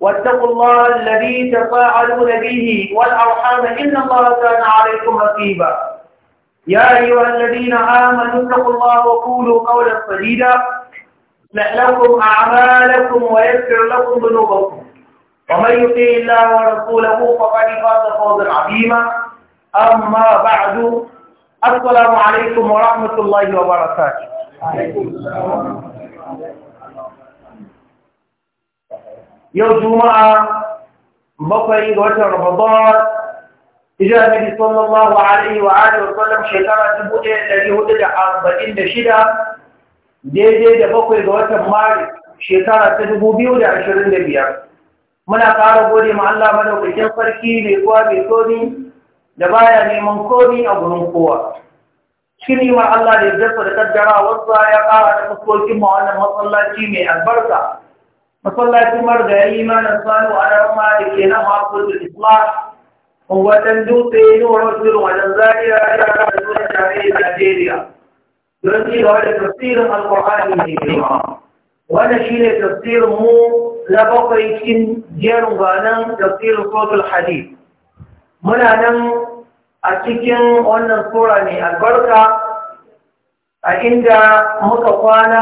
واتقوا الله الذي تفاعلون به والأرحام إن الله كان عليكم رقيبا يا أيها الذين آمنوا اتقوا الله وقولوا قولا سديدا يصلح لكم أعمالكم ويغفر لكم ذنوبكم ومن يطيع الله ورسوله فقد فاز فوزا عظيما أما بعد السلام عليكم ورحمة الله وبركاته. yau juma'a bakwai ga watan ramadan hijira nabi sallallahu alaihi wa alihi wa sallam shekara dubu ɗaya ɗari hudu da arba'in da shida daidai da bakwai ga watan maris shekara ta dubu biyu da ashirin da biyar muna ƙara gode ma Allah madaukakin sarki mai kuwa mai komi da baya neman komi a gurin kowa shiri ma Allah da ya da kaddara wasu ya ƙara da fuskokin ma wannan masallaci mai albarka masallacin margayi imanin sanu a rama da ke da isla a wajen dutse nuwar wajen wajen zariya ya da zuwa tare da Nigeria. don ci da tafsirin alƙur'ani ne girma wannan shi ne tafsirin mu na bakwai cikin jerin gwanan tafsirin sotul hadi muna nan a cikin wannan sura ne albarka a inda muka kwana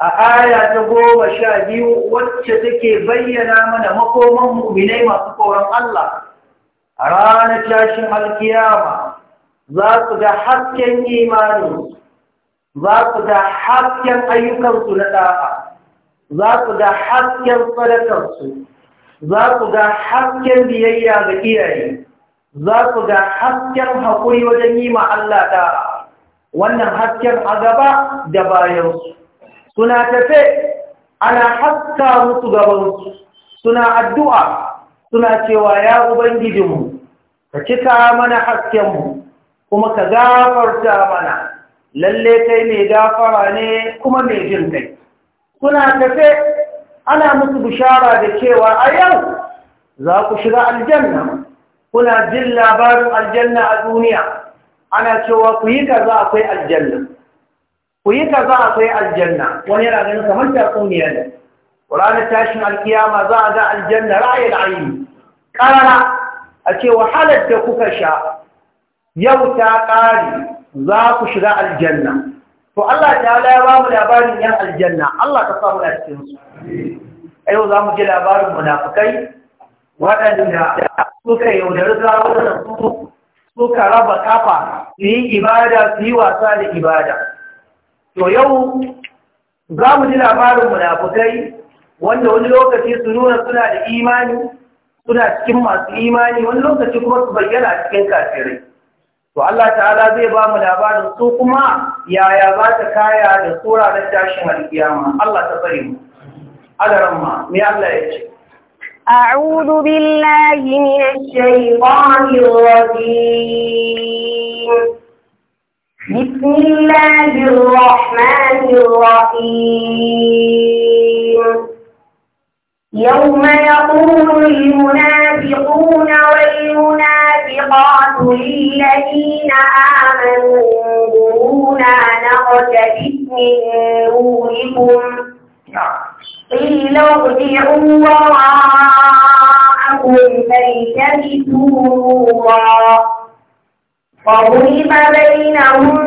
a aya ta goma sha biyu wacce take bayyana mana makoman mu'minai masu tsoron Allah a ranar tashin alkiyama za su ga hasken imaninsu za su ga hasken ayyukansu na ɗa'a za su ga hasken sadakarsu za su ga hasken biyayya ga iyaye za su ga hasken haƙuri wajen yi ma Allah ɗa'a wannan hasken a gaba da bayansu suna tafe ana haska musu gabansu suna addu'a suna cewa ya ubangijinmu ka cika mana haskenmu kuma ka gafarta mana lalle kai mai gafara ne kuma mai jin kai suna tafe ana musu bishara da cewa a yau za ku shiga aljanna kuna jin labarin aljanna a duniya ana cewa ku yi kaza akwai aljanna ku yi kaza akwai aljanna wani yana ganin kamar tatsuniya ne ranar tashin alkiyama za a ga aljanna ra'ayin ayi ƙarara a ce wahalar da kuka sha yau ta ƙari za ku shiga aljanna to Allah ta ya ba mu labarin yan aljanna Allah ta samu na cikinsu a yau za mu ji labarin munafukai waɗanda suka yaudari zarurar su suka raba kafa su yi ibada su yi wasa da ibada to yau za mu ji labarin munafukai wanda wani lokaci su nuna suna da imani suna cikin masu imani wani lokaci kuma su bayyana cikin kafirai to Allah ta'ala zai ba mu labarin su kuma yaya za ta kaya da tsora da tashin alkiyama Allah ta tsare mu ma, me Allah ya ce a'udhu billahi minash الشيطان الرجيم بسم الله الرحمن الرحيم يوم يقول المنافقون والمنافقات للذين آمنوا انظرونا نقتبس من نوركم قيل ارجعوا وراءكم فالتمسوا نورا فضرب بينهم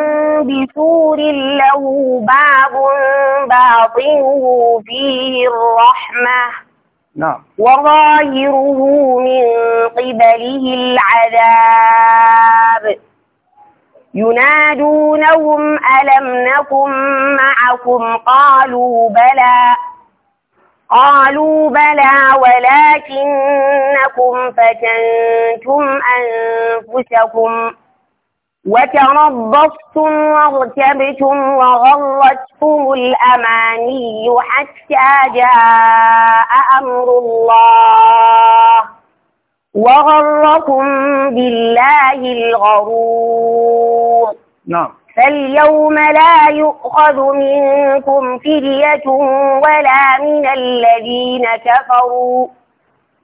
بسور له باب باطنه فيه الرحمة نعم وظاهره من قبله العذاب ينادونهم ألم نكن معكم قالوا بلى قالوا بلى ولكنكم فتنتم أنفسكم وتربصتم وارتبتم وغرتكم الأماني حتى جاء أمر الله وغركم بالله الغرور نعم فاليوم لا يؤخذ منكم فدية ولا من الذين كفروا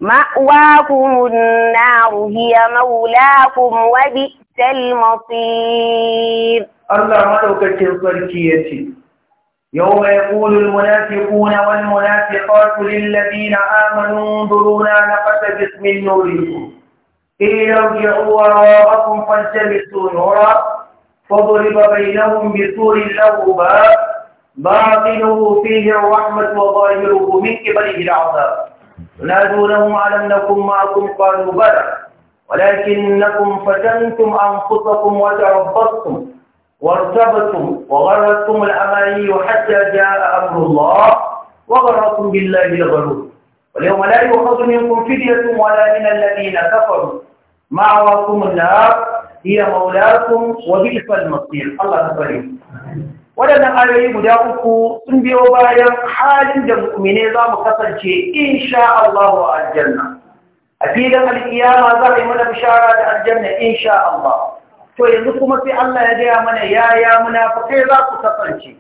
مأواكم النار هي مولاكم وبئس المصير الله مدوكتين صركيتي يوم يقول المنافقون والمنافقات للذين آمنوا انظرونا نقتبس من نوركم قيل ارجعوا وراءكم فالتمسوا نورا فضرب بينهم بسور له باب باطنه فيه الرحمة وظاهره من قبله العذاب نادونهم على أنكم معكم قالوا بلى ولكنكم فتنتم أنفسكم وتربصتم وارتبتم وغرتكم الأماني حتى جاء أمر الله وغركم بالله الغرور واليوم لا يؤخذ منكم فدية ولا من الذين كفروا معواكم النار هي مولاكم وبئس المصير الله اكبر ولنا ayoyi guda uku sun biyo المؤمنين halin da mu'mine إن شاء الله insha a filin alkiyama za a yi mana bishara da aljanna insha Allah to yanzu kuma sai Allah ya gaya mana yaya munafikai za ku kasance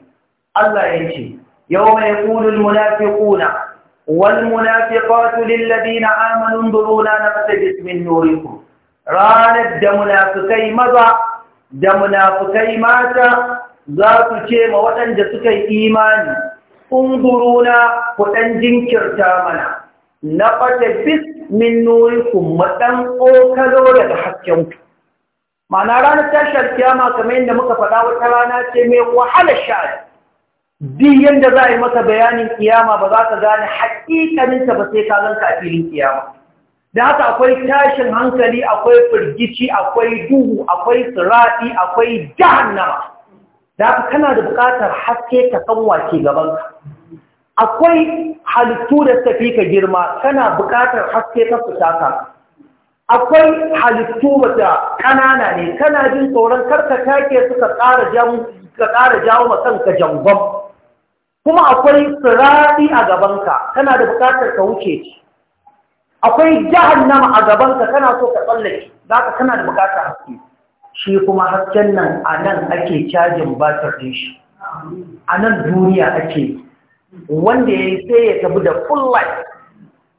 Allah ya ce yawma yaqulu almunafiquna والمنافقات للذين آمنوا na نقتبس من نوركم ranar da munafukai maza da munafukai mata za su ce ma waɗanda suka yi imani unguruna ku ɗan jinkirta mana na bis min nurikun maɗan ƙokalo daga haskenku. Mana ranar tashar kiyama kamar yadda muka faɗa wata rana ce mai wahala sha'ari Duk yadda za a yi masa bayanin kiyama ba za ka gane haƙiƙaninta ba sai ka filin kiyama. Da haka akwai tashin hankali, akwai firgici, akwai duhu, akwai tsiraɗi, akwai jahannama. Da haka kana da buƙatar haske ka san wace gabanka. akwai halittu da tafi ka girma kana buƙatar haske ta fita ka akwai halittu da ƙanana ne kana jin tsoron karka take suka ƙara ka ƙara jawo ma kanka jangon kuma akwai sirati a gabanka kana da buƙatar ka wuce shi akwai jahannama a gabanka kana so ka tsallake zaka kana da buƙatar haske shi kuma hasken nan a nan ake cajin batar din shi a nan duniya ake wanda ya yi sai ya tafi da full life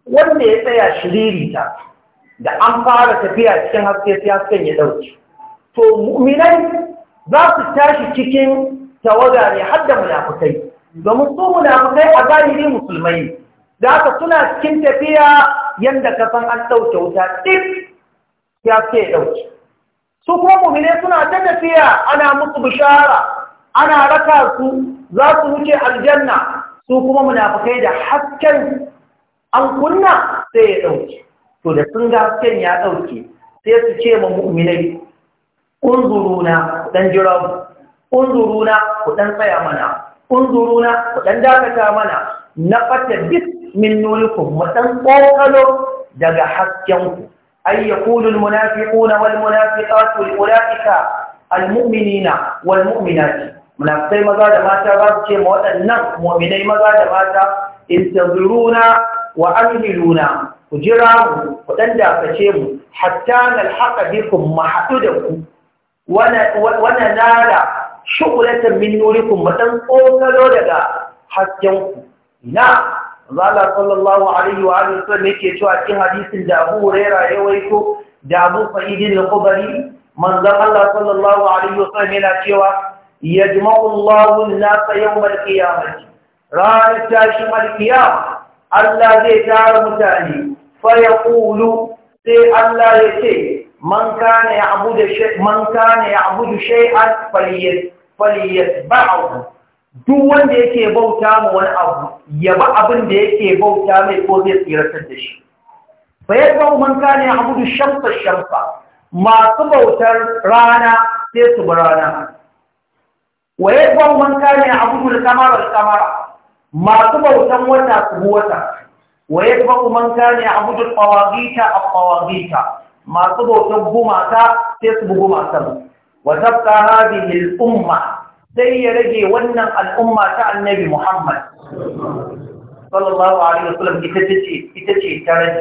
wanda ya tsaya shiririta da an fara tafiya cikin haske sai hasken ya ɗauki to mu'minai za su tashi cikin tawaga ne har da munafukai domin su munafukai a zahiri musulmai da aka suna cikin tafiya yadda ka san an ɗauke wuta ɗin ya ce ɗauke su kuma muminai suna ta tafiya ana musu bishara ana raka su za su wuce aljanna su kuma munafukai da hasken an kunna sai ya ɗauke to da sun ga hasken ya ɗauke sai su ce ma mu'minai unzuruna dan jira unzuruna ku dan tsaya mana unzuruna ku dan dakata mana na fata bis min nurikum mu dan kokalo daga hasken ku ay yaqulu al munafiquna wal munafiqatu ulaika al mu'minina wal mu'minati munafikai maza da mata za su ce ma waɗannan mu'minai maza da mata intazuruna wa amhiluna ku jira mu ku ɗan dakace mu hatta nalhaqa bikum ma hadu da ku wana nala shugulatan min nurikum mu dan ƙoƙaro daga hasken ku ina Allah sallallahu alaihi wa alihi wasallam yake cewa cikin hadisin da Abu rera ya waito da Abu Sa'id al-Khudri manzon Allah sallallahu alaihi sallam yana cewa يجمع الله الناس يوم ta shi تاشم Allah zai زي mutane. متاني فيقول سي الله يتي من كان يعبد شيء من كان يعبد شيئا فليت فليتبعه duk wanda yake bauta ma wani abu ya ba abin da yake bauta mai ko zai da shi bayan ba man kane abudu shamsa shamsa masu bautar rana sai su bi rana wa yadda man a abudu da qamara da qamara masu bautan wata su bi wata wa yadda man kana abudu al-qawagita al-qawagita masu bautan gumata sai su gumaka wa tabqa hadhihi al-umma sai ya rage wannan al'umma ta annabi Muhammad sallallahu alaihi wasallam ita ce ita ce ta rage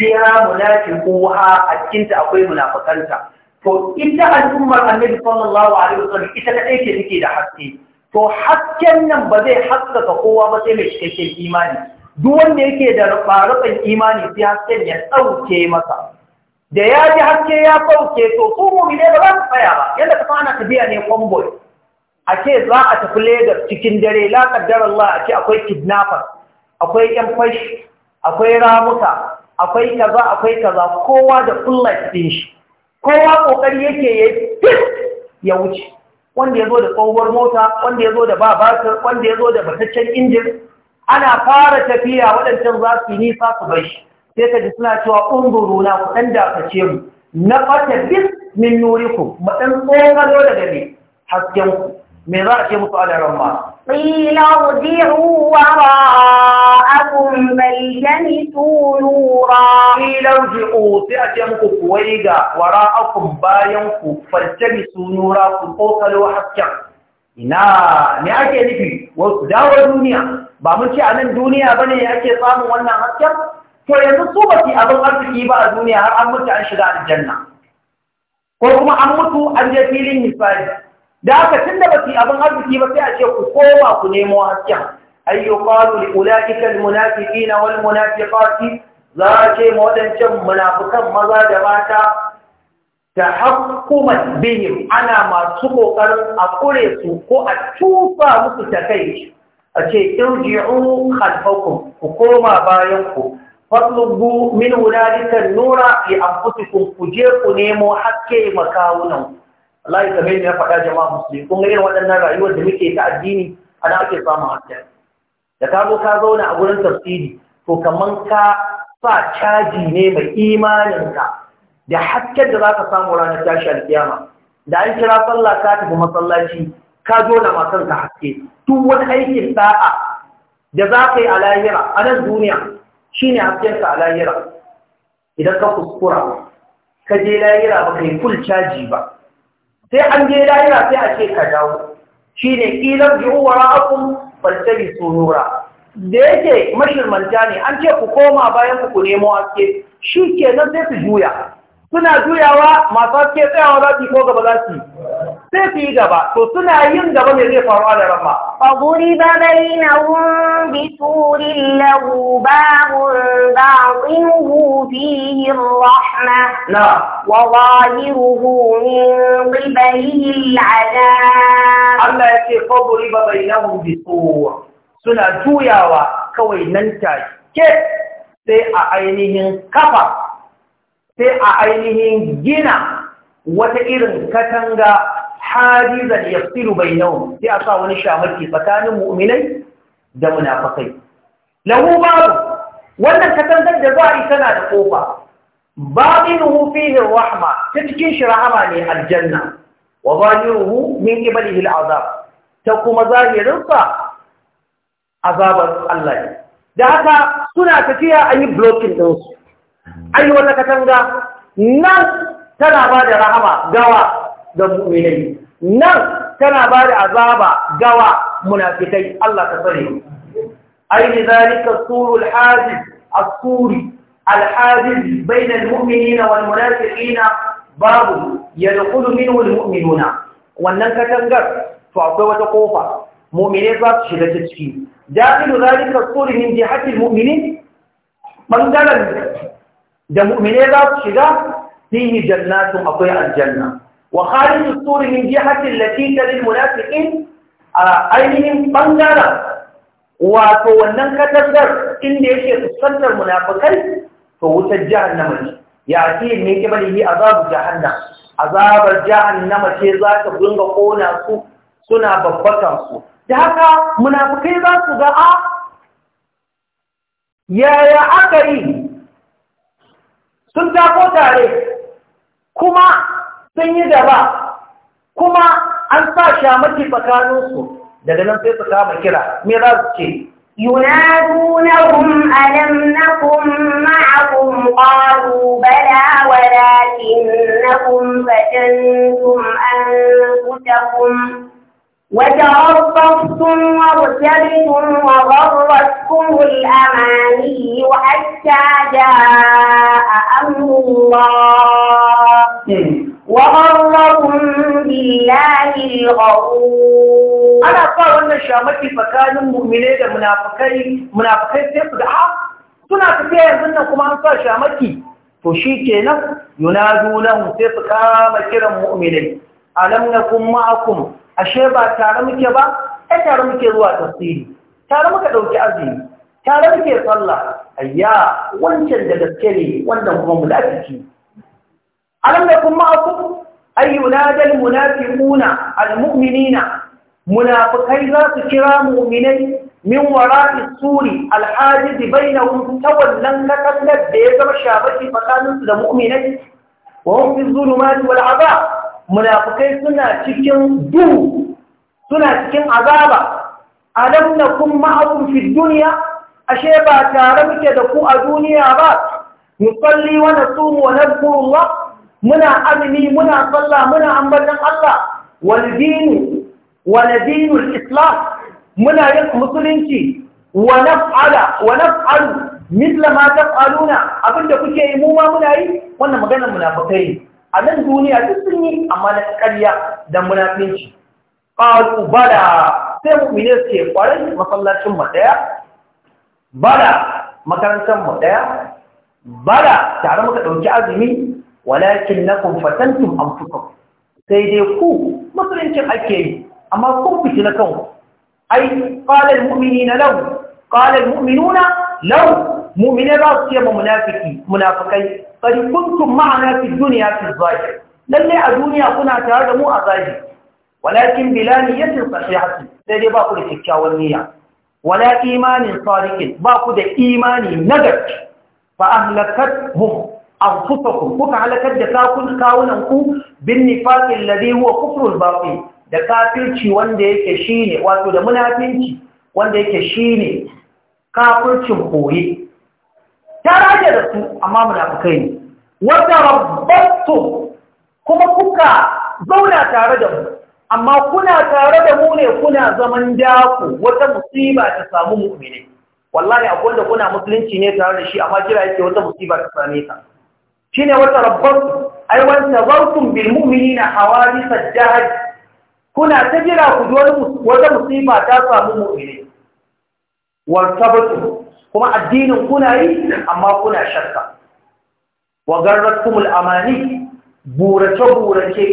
fiha munafiquha a cikinta akwai munafakanta to ita al'ummar annabi sallallahu alaihi wasallam ita da ɗaya take da haske to hasken nan ba zai haskaka kowa ba sai mai cikakken imani duk wanda yake da rubarufan imani sai hasken ya tsauke masa da ya ji haske ya sauke to su mu'mine ba za su tsaya ba yadda ka ana biya ne convoy a ce za a tafi Lagos cikin dare la kaddar Allah a ce akwai kidnapper akwai yan fashi akwai ramuka akwai kaza akwai kaza kowa da full life din shi kowa ƙoƙari yake ya ya wuce wanda ya zo da tsohuwar mota wanda ya zo da babatar wanda ya zo da bataccen injin ana fara tafiya waɗancan za su yi nisa su bai shi sai ka ji suna cewa unguru na ku ɗan dakace mu na fata bis min ku mu ɗan tsokalo daga ne hasken ku me za a ce musu adaran ma قيل ارجعوا وراءكم فالتمسوا نورا قيل ارجعوا سيأتيمكم كويغا وراءكم باينكم فالتمسوا نورا كوصلوا حسكا ina ne ake nufi wasu dawo duniya ba mun ce a nan duniya ba ne ake samun wannan hasken to yanzu su ba su abin arziki ba a duniya har an mutu an shiga aljanna ko kuma an mutu an je filin hisabi da aka tun da basu abin arziki ba sai a ce ku koma ku nemo hasken ayyu qalu li ulaika al munafiqin wal za a ce ma wadancan munafukan maza da mata ta hukuma bihim ana masu kokarin a kure su ko a tufa musu ta kai a ce irji'u khalfakum ku koma bayan ku fatlubu min ulalika nura li anfusikum ku je ku nemo hakke makawunanku Allah ya ni ya faɗa jama'a musulmi kun ga irin waɗannan rayuwar da muke ta addini ana ake samun hasken. da ka zo ka zauna a gurin tafsiri to kaman ka sa caji ne mai imaninka da hasken da za ka samu ranar tashi alkiyama da an kira sallah ka tafi masallaci ka zo na masan ka haske duk wani aikin da'a da za ka yi a lahira a nan duniya shine hasken ka a lahira idan ka kuskura ka je lahira ba ka yi full caji ba sai an je lahira sai a ce ka dawo shi ne ƙilar ji'u wa ra'akun sunura da yake mashirmanta ne an ce ku koma bayan ku nemo haske. shi ke nan sai su juya suna juyawa masu haske tsayawa za su yi ko gaba za su yi sai su gaba to suna yin gaba mai zai faruwa da ramma fa ba bai na wun bi turin lagu ba hun ba hun hu fi yi rahma na wa ba yi ruhu min bi bai yi Allah ya ce fa ba bai na wun bi tuwa suna juyawa kawai nan ta ke sai a ainihin kafa sai a ainihin gina wata irin katanga hajizan bai yau sai a sa wani shamaki tsakanin mu'minai da munafakai lahu babu wannan katangar da za a yi tana da ƙofa babinuhu fihi rahma ta cikin shi rahama ne aljanna wa zahiruhu min qibalihi al'azab ta kuma zahirinsa azabar Allah ne da haka suna tafiya a yi blokin ɗinsu an yi wata katanga nan tana ba da rahama gawa ga mu'minai nan tana ba da azaba gawa munafikai Allah ta tsare aini zalika surul hajiz as-suri al-hajiz bayna al-mu'minina wal munafiqina babu yadkhulu minhu al-mu'minuna wannan katangar to akwai wata kofa mu'mine za su shiga ta ciki dakilu zalika suri min jihati al-mu'minin bangaren da mu'mine za su shiga fihi jannatun akwai aljanna وخارج السور من جهة التي تلي المنافقين ainihin ɓangaren wato wannan katangar inda yake fuskantar munafukai to wutar jahannama ne ya ce ne ke bari yi azabu jahannam azabar jahannama ce za ta dinga kona su suna babbakan su da haka munafukai za su ga a ah, yaya aka yi sun tako tare kuma sun yi gaba, kuma an sa shi a mafi daga nan sai su kama kira mera su ce yunadunahum alam nakum ma'akum qalu bala walakinnakum fatantum anfusakum وتعرفتم وارتبتم وغرتكم الأماني حتى جاء أمر الله وغرهم بالله الغرور أنا أقول أن da فكان مؤمنين منافقين منافقين سيف دعاء suna tafiya yanzu nan kuma an sa shamaki to shi kenan yunadu lahum sai su kama kiran mu'minai alam nakum ma'akum ashe ba tare muke ba ai tare muke zuwa tafsiri tare muka dauki azumi tare muke sallah ayya wancan da gaske ne wannan kuma munafiki alam nakum ma'akum ay yunadal munafiquna almu'minina munafikai za su kira mu'minai min wara'i suri alhajiz bainahum tawallan katallar da ya zama shabaki tsakaninsu da mu'minai wa hum fi zulumati wal azab munafikai suna cikin duhu suna cikin azaba alam nakum ma'akum fi dunya ashe ba tare muke da ku a duniya ba nusalli wa nasumu wa nadhkuru muna azumi muna sallah muna ambatan Allah wal dinu wal dinul islam muna yin musulunci wa naf'ala wa naf'alu mithla ma taf'aluna abinda kuke yi mu ma muna yi wannan maganar munafikai a nan duniya duk sun yi amma na ƙarya da munafinci qalu bala sai ne suke kwarai masallacin mu daya bala makarantar mu daya bala tare muka ɗauki azumi walakin na kumfatantum an fuka sai dai ku musuluncin ake yi amma kun fi na kanku ai ƙalar mummini na lau ƙalar mummini na lau mummini ba su ce ma munafiki munafikai ƙarfuntun ma'ana fi duniya fi zaji lallai a duniya kuna tare da mu a zaji walakin bilani ya fi sashi hasi sai dai ba ku da kyakkyawan niyya wala imanin sarikin ba ku da imani nagar fa ahlakat mu anfusakum kuka halakar da kakun kawunan ku bin nifaqil ladhi huwa kufrul baqi da kafirci wanda yake shine wato da munafinci wanda yake shine kafircin koyi ta rage da su amma munafikai ne wata rabbattum kuma kuka zauna tare da mu amma kuna tare da mu ne kuna zaman daku wata musiba ta samu mu'mini wallahi akwai wanda kuna musulunci ne tare da shi amma jira yake wata musiba ta same ka shine wata rabbanku ai wan nazartum bil mu'minina hawadith ad-dahr kuna ta jira ku ji wata musiba ta samu mu'mini wa sabatu kuma addinin kuna yi amma kuna shakka wa garratkum al-amani burace burace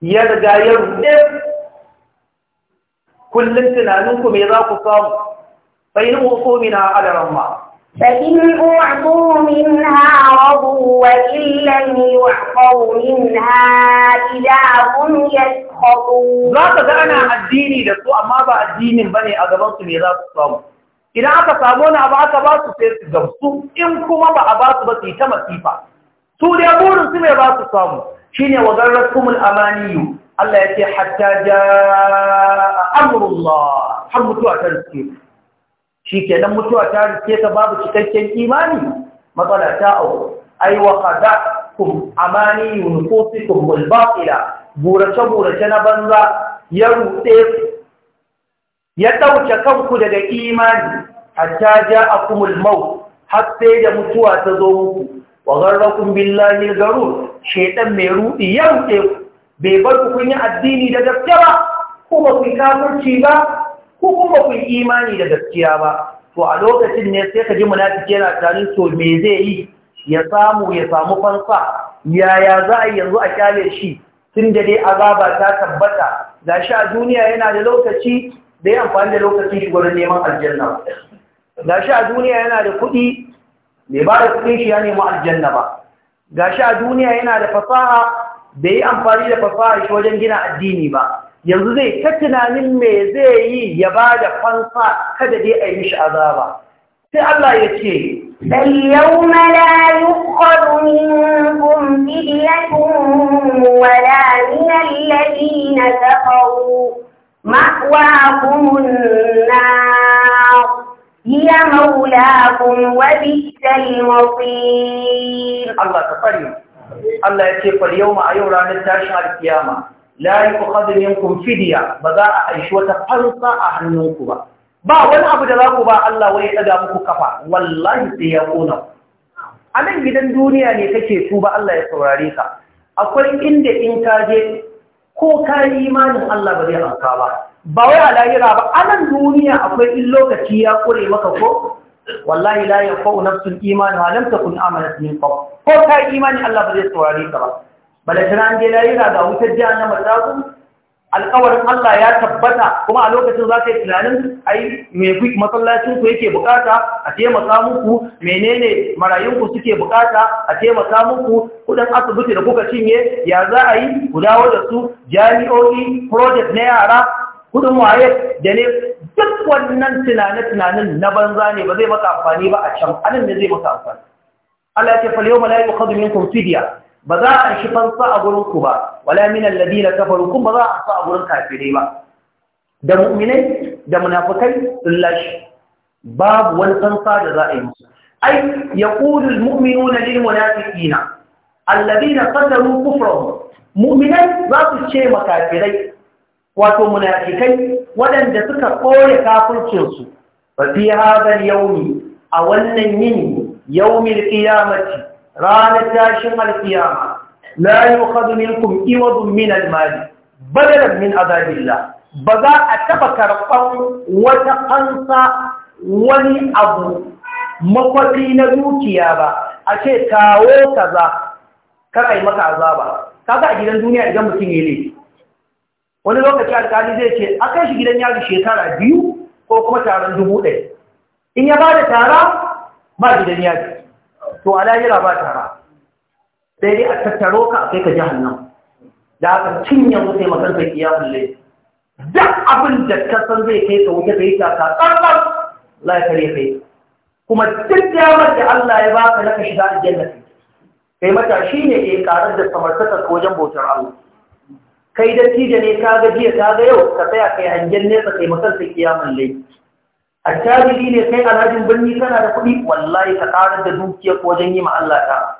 ya riga ya rude kullum tunaninku me za ku samu bayin uku mina alaramma فإن أعطوا منها رضوا وإن لم يعطوا منها إذا هم يسخطون ذاك ده أنا الديني ده سوء ما بقى الدين بني أغلون سمي ذات الصوم إذا أكا سامونا أبا أكا باسو سير جمسو إن كما بقى باسو بسي كما سيفا سوء يقولون سمي باسو صوم شيني وغرتكم الأماني الله يتي حتى جاء أمر الله حمد وعتنسكي shi kenan mutuwa ta rike ta babu cikakken imani matsala ta au ai wa kada kum amani nufusikum wal burace burace na banza ya rude ya dauke kanku daga imani hatta a maut har sai da mutuwa ta zo muku wa gharrakum billahi garur shedan mai rudi ya ku. bai bar ku kun yi addini da gaskiya ba kuma kun kafirci ba ko kuma ku yi imani da gaskiya ba to a lokacin ne sai ka ji munafiki yana tarin to me zai yi ya samu ya samu fansa yaya za a yanzu a kyale shi tun da dai azaba ta tabbata ga shi a duniya yana da lokaci da ya amfani da lokaci shi gwanin neman aljanna ga shi a duniya yana da kuɗi mai ba da kuɗin shi ya nemi aljanna ba ga shi a duniya yana da fasaha bai yi amfani da fasaha shi wajen gina addini ba yanzu zai ta tunanin me zai yi ya ba da fansa kada dai a yi mishi azaba sai Allah ya ce اليوم لا يؤخذ منكم فدية ولا من الذين كفروا مأواكم النار هي مولاكم وبئس المصير الله تقريب الله يكفر اليوم أيوة رانا تاشع القيامة la yuqadu minkum fidya ba za a aishi wata fansa a hannunku ba ba wani abu da za ku ba Allah wai ya daga muku kafa wallahi sai ya kona a nan gidan duniya ne kake tuba Allah ya saurare ka akwai inda in ka je ko ka yi imanin Allah ba zai amsa ba ba wai a lahira ba a nan duniya akwai in lokaci ya kure maka ko wallahi la yafau nafsul imanu lam takun amanat min qabl ko ka yi imani Allah ba zai saurare ka ba balashiran an yana da ga wutar jiya na mazaku alƙawarin Allah ya tabbata kuma a lokacin za ka yi tunanin ai me masallacin ku yake bukata a taimaka muku menene marayun ku suke bukata a taimaka muku kudin asibiti da kuka cinye ya za a yi kudawa da su jami'o'i project na yara kudin waye da ne duk wannan tunane-tunanin na banza ne ba zai maka amfani ba a can anan ne zai maka amfani Allah ya ce fal yau mala'iku khadu minkum fidya ba za a shi fansa a gurin ba wala min alladina kafaru kun ba za a sa a gurin kafirai ba da mu'minai da munafukai sun lashe. babu wani fansa da za a yi musu ai yaqulu almu'minuna lil munafiqina alladina qadaru kufrahum mu'minai za su ce ma kafirai. wato munafikai waɗanda suka ƙore kafircinsu ba fi hadal yaumi a wannan yini yaumin qiyamati ranar tashin alkiyama la yukhadu minkum iwadun min almali badalan min azabillah ba za a taba karɓar wata kansa wani abu makwafi na dukiya ba a ce kawo kaza kar a yi maka azaba kaga a gidan duniya idan mutum ya ne wani lokaci alkali zai ce a kai shi gidan yari shekara biyu ko kuma taron dubu ɗaya in ya ba da tara ba gidan yari to a lahira ba tara sai dai a tattaro ka a kai ka jahannan da aka cinye wuce makansa kiyamun lai duk abin da ka san zai kai ka wuce ka yi taka tsarkar la ya kare kai kuma duk damar da Allah ya baka na ka shiga aljanna kai matashi ne ke karar da samartaka wajen bautar Allah kai dattijo ne ka jiya? ka ga yau ka tsaya kai hangen nesa kai makansa kiyamun lai attajiri ne kai alhajin birni kana da kuɗi wallahi ka ƙara da dukiyar wajen yi ma Allah ta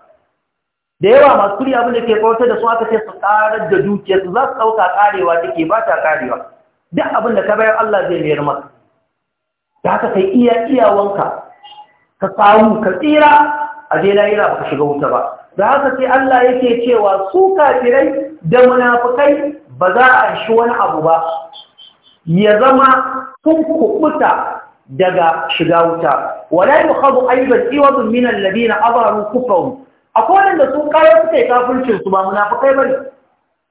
da yawa masu kuri abin da ke kawatar da su aka ce su ƙara da dukiyar su za su ɗauka ƙarewa take ba ta ƙarewa duk abin da ka bayar Allah zai mayar maka da haka kai iya iyawanka ka samu ka tsira a je lahira ba ka shiga wuta ba da haka sai Allah yake cewa su kafirai da munafukai ba za a shi wani abu ba ya zama sun kubuta daga shiga wuta wala yukhadu aidan iwadun min alladhina azharu kufrahum akwai wanda sun kawo suka yi kafircin su ba munafikai bane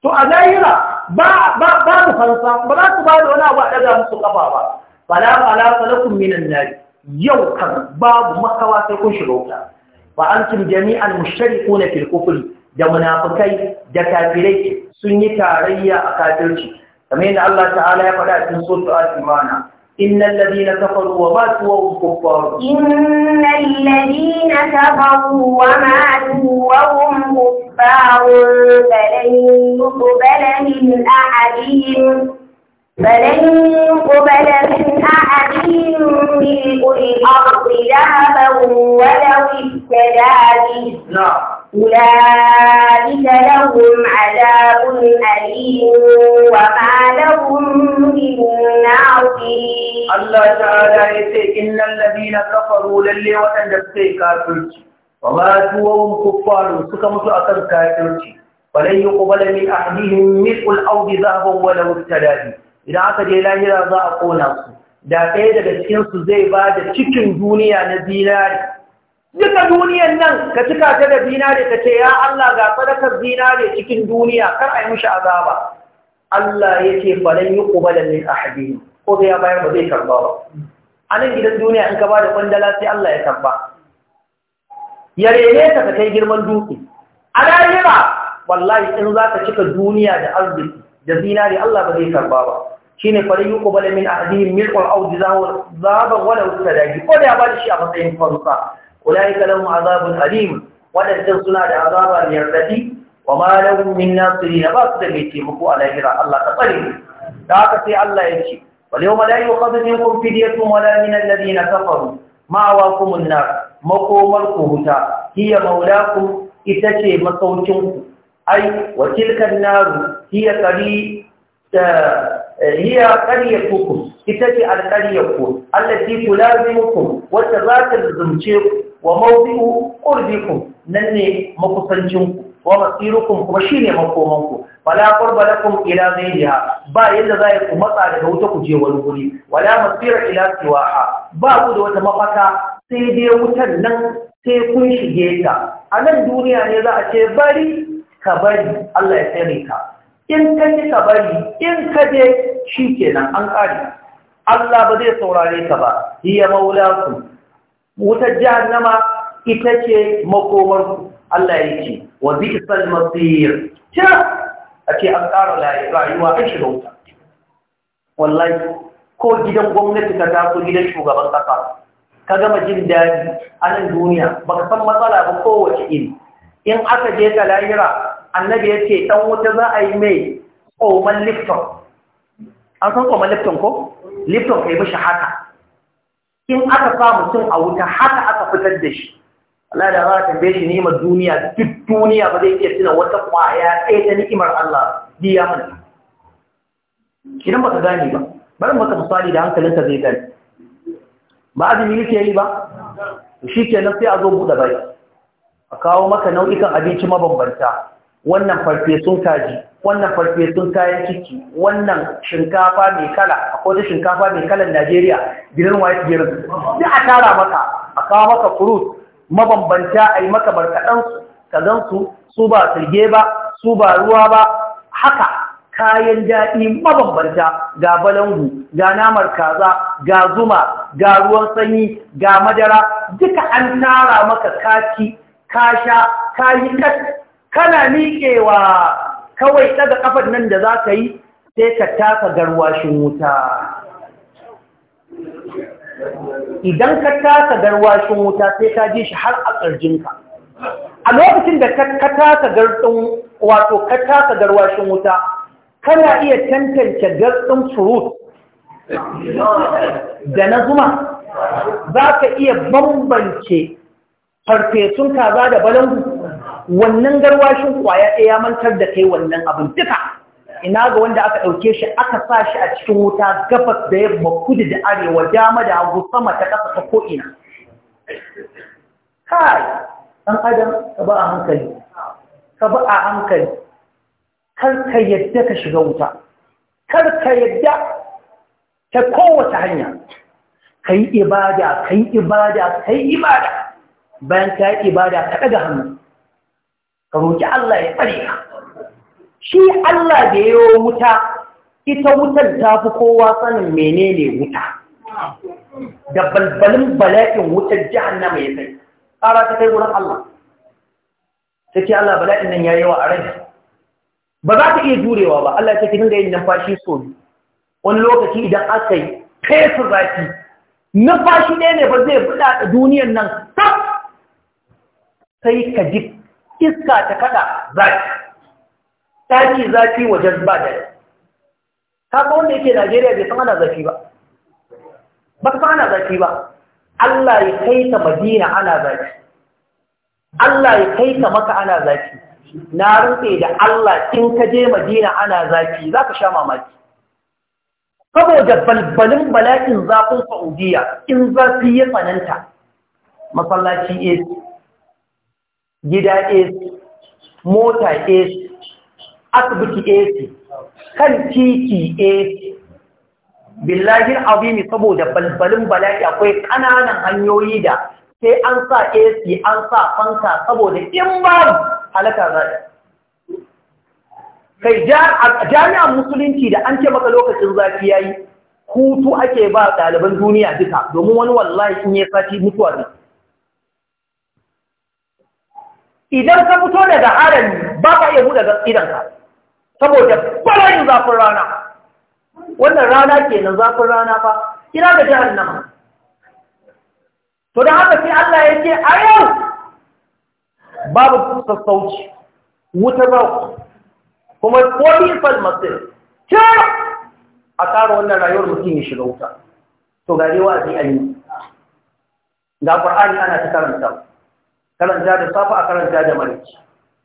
to a zahira ba ba ba mu fansa ba za su ba da wani abu a daga musu kafa ba fala fala falakum min an yau kan babu makawa sai kun shiga wuta fa antum jami'an mushtariquna fil kufr da munafikai da kafirai sun yi tarayya a kafirci kamar yadda Allah ta'ala ya faɗa cikin suratul al-imana إن الذين كفروا وماتوا وهم كفار إن الذين كفروا وماتوا وهم كفار فلن يقبل من أحدهم فلن يقبل من أحد ملء الأرض ذهبا ولو افتدى به نعم. أولئك لهم عذاب أليم وما لهم من ناصرين الله تعالى يقول إن الذين كفروا للي وتندسي وما وماتوا كفار سكمت أكل كافرج فلن يقبل من أحدهم ملء الأرض ذهبا ولو افتدى به idan aka je lahira za a kona su da ɗaya daga cikinsu zai ba da cikin duniya na zinari duka duniyan nan ka cika ta da zinari ka ce ya Allah ga sadakar zinari cikin duniya kar a yi mishi azaba Allah ya ce falan yi kubala a ahadihim ko zai bayar ba zai karba ba a nan gidan duniya in ka ba da kwandala sai Allah ya karba ya rene ka ka kai girman dutse a lahira wallahi in za ka cika duniya da arziki da zinari Allah ba zai karba ba shine fari yuko bala min ahadihim milkun aw jizahun zaban wala sadaqi ko da ya bada shi a matsayin fansa ulaika lahum azabin alim wadannan suna da azaba mai radadi wa ma lahum min nasirin ba su da mai taimako a lahira Allah ta tsare da haka sai Allah ya ce wal yawma kun yuqadu minkum fidyatun wala min na kafaru Ma'awa an na makomar ku huta hiya ku! ita ce masaukin ku ai wa tilkan naru hiya kari! Eh, هي قريتكم تتجي على قريتكم التي تلازمكم وتذات الزمشير وموضع قربكم نني مقصنجنكم ومصيركم وشيني مقومنكم فلا قرب لكم إلى غيرها با إلا ذلك مطع لبوتك جي والغري ولا مصير إلى سواها با قد وتمفتا سيدي وتنن سيكون شجيتا أنا الدنيا إذا أتبري كبري الله يسيرك in ka ji ka bari in ka shi kenan an ƙari Allah ba zai saurare ka ba hiya Wuta wutar nama ita ce makomarku Allah ya ce wa bi'sal masir ta a ce an ƙara rayuwa a shiga wuta wallahi ko gidan gwamnati ka taso gidan shugaban ƙasa ka gama jin daɗi a nan duniya ba ka san matsala ba kowace iri in aka je ka lahira annabi ya ce ɗan wuta za a yi mai tsoman lifton an san kuma lifton ko lifton kai mishi haka in aka sa mutum a wuta haka aka fitar da shi Allah da za a tambaye shi ni'imar duniya duk duniya ba zai iya tuna wata kwaya ɗaya ta ni'imar Allah biya mana idan baka gane ba bari maka misali da ka zai gane ba azumi yake yi ba shi kenan sai a zo buɗe bai a kawo maka nau'ikan abinci mabambanta wannan farfesun kaji wannan farfesun kayan ciki wannan shinkafa mai kala akwai ta shinkafa mai kalan Najeriya gidan white girin sai a tara maka a kawo maka fruit mabambanta a yi maka barkaɗan ka zan su su ba sirge ba su ba ruwa ba haka kayan daɗi mabambanta ga balangu ga namar kaza ga zuma ga ruwan sanyi ga madara duka an tara maka kaci ka sha ka yi kat kana miƙewa kawai ɗaga ƙafar nan da za ka yi sai ka taka garwashin wuta idan ka taka garwashin wuta sai ka ji shi har a ƙarjinka a lokacin da ka taka garɗin wato ka taka garwashin wuta kana iya tantance garɗin furut da na zuma za ka iya bambance farfesun kaza da balangu wannan garwashin kwaya ɗaya ya mantar da kai wannan abin duka ina ga wanda aka ɗauke shi aka sa shi a cikin wuta gabas da yabba, kudu da arewa dama da hagu sama ta ƙasa ta ko'ina kai ɗan adam ka ba a hankali ka ba a hankali kar ka yadda ka shiga wuta kar ka yadda ta kowace hanya ka yi ibada ka yi ibada ka yi ibada bayan ka yi ibada ka ɗaga hannu ka roƙi Allah ya tsare ka shi Allah da yayo wuta ita wutar ta fi kowa sanin menene wuta da balbalin bala'in wutar jahannama ya sai tsara ta kai wurin Allah sai ce Allah bala'in nan ya yawa a rai ba za ta iya jurewa ba Allah ce ki da yin numfashi so wani lokaci idan aka yi fesa zafi numfashi ɗaya ne ba zai buɗa duniyar nan sai ka ji iska ta kada zafi ɗaki zafi wajen ba da kaga wanda yake Najeriya bai san ana zafi ba ba sama ana zafi ba Allah ya kai ta Madina ana zafi Allah ya kai ta maka ana zafi na rufe da Allah in ka je Madina ana zafi ka sha mamaki saboda balbalin bala'in zafin Saudiya in zafi ya tsananta masallaci ce gida AC mota AC asibiti AC kan titi AC billahi azimi saboda balbalin bala'i akwai kananan hanyoyi da sai an sa AC an sa fanka saboda in babu halaka zai kai jami'an musulunci da an ce maka lokacin zafi yayi hutu ake ba ɗaliban duniya duka domin wani wallahi in ya sati mutuwa ne idan ka fito daga harami ba ka iya buɗe idanka saboda bala'in zafin rana wannan rana kenan zafin rana fa ina ga jihar nan to da haka sai Allah ya ce a yau babu sassauci wuta ba kuma kodifal masir ce a tsara wannan rayuwar mutum ya shiga wuta to gari wa a ga ƙwar'ani ana ta karanta karanta da safa a karanta da mariki